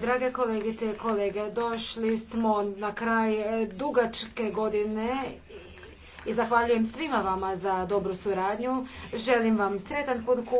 Drage kolegice i kolege, došli smo na kraj e, dugačke godine i zahvaljujem svima vama za dobru suradnju. Želim vam sretan put